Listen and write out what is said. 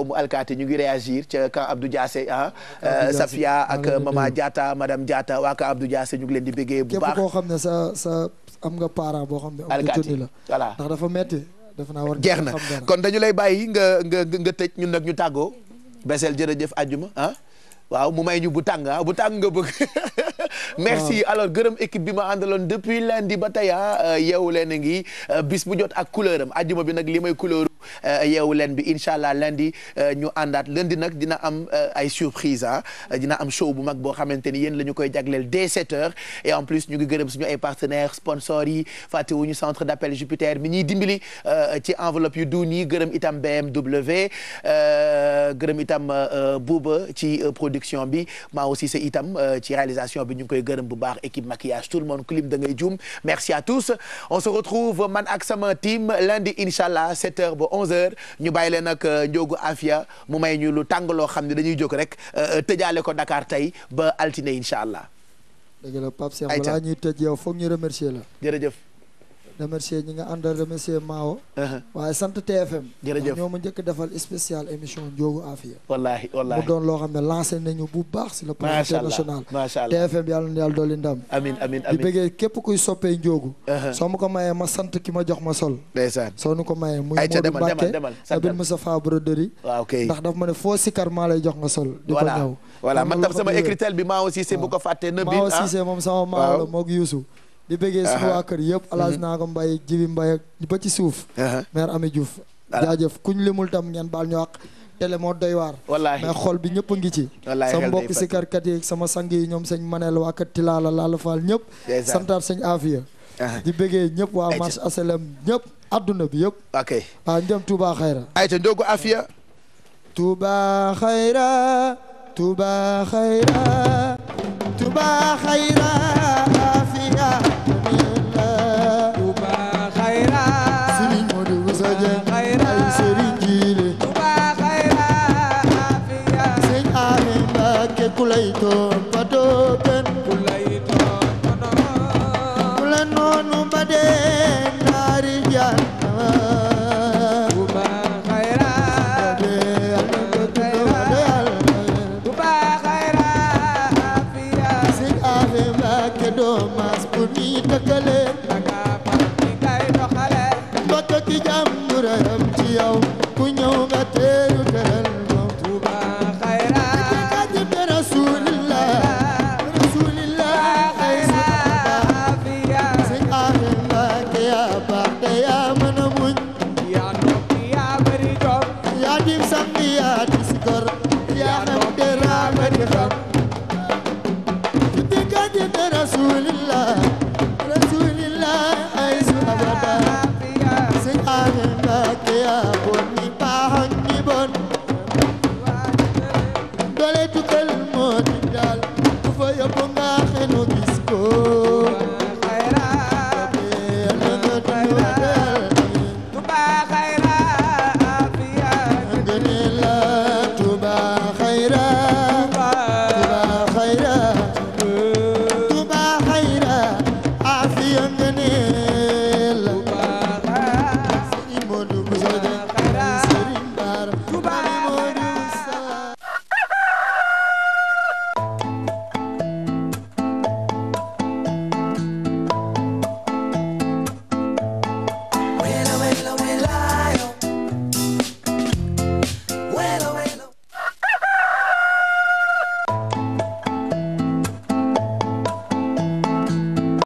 doomu alkaati ñu ngi réagir ca camp Abdou Diassé ah euh, Safia ak Mama Diatta madame Diatta waa camp Abdou Diassé ñu ngi leen di béggee bu baax képp koo xam ne sa sa am nga parent boo xam ne alkaati la voilà ndax dafa metti dafa naa war jeex na kon dañu lay bàyyi nga tëj ñun nag ñu tàggoo Bessél a àjjuma ah waaw mu may ñu bu tàng ah bu tàng nga bëgg merci ah. alors gërëm équipe bi ma àndaloon depuis lundi ba tey ah, euh, yeewu leen ngi euh, bis bu jot ak couleur am ajjuma bi nag li may couleur euh, yeewu leen bi incha allah lundi ñu àndaat lundi nag dina am ay surprise ah dina am show bu mag boo xamante ni yéen la ñu koy jagleel dès 7 e en plus ñu ngi gërëm suñu ay partenaires sponsors yi fàttewuñu centre d'appel Jupiter mi ñuy dimbali ci enveloppe yu duun gërëm itam BMW gërëm itam Bouba ci production bi maa aussi c'est itam ci réalisation bi ñu ngi gërëm bu baax équipe maquillage tout le monde ku lim da ngay merci à tous on se retrouve man ak team lundi incha allah 7h ba 11h ñu bàyyi leen ak euh, Ndiogu Afia mu may ñu lu tàng loo xam ne dañuy jóg rek euh, euh, tëjaale ko Dakar tey ba altine incha allah. dëgg la Pape Cheikh balaa ñuy ñu remercier la. remercier ñi nga àndal remercier Mao. Uh-huh. waaye sant TFM. jërëjëf ñoo ma njëkk defal spécial émission Ndiogou Afia. wallaahi wallaahi mu doon loo xam ne lancé nañu bu baax. si le plan international macha allah TFM yàlla na yàlla dolli ndam. amiin bëggee képp kuy soppee Ndiogou. Uh-huh. soo ma ko mayee ma sant ki ma jox ma sol. ndeysaan soo nu ko mayee. muy Modou Mbacke Abin Moustapha Broderie. waaw kay ndax daf ma ne foo sikar maa lay jox nga sol. di ko ñëw voilà man tam sama écritel bi maa aussi c'est bu ko fàttee. na bi maa aussi ah. c'est moom sama maa moog di bëggee suñu waa kër yëpp alaaj mhm. naa mbay jibi mbay ba ci suuf maire Ami Diouf jaajëf kuñ limul tam ngeen baal ñu àq télé moo doy waar wallaahi mais bi ñëpp a ngi ci sama mbokk sama sang yi ñoom sëñ maneel waa kat tilaala laala faal ñëpp santaat sëñ aafiya di bëggee ñëpp waa marché aselem ñëpp adduna bi yëpp ok waaw njëm Touba xayra ayta kulayto pato ben kulayto pato kula nonu bade nari janna kuba khaira bade kuba khaira afia sig ave ba kedo mas bumi takale taka pa ki kay doxale bokki jam duram ci yow مسجد رسول الله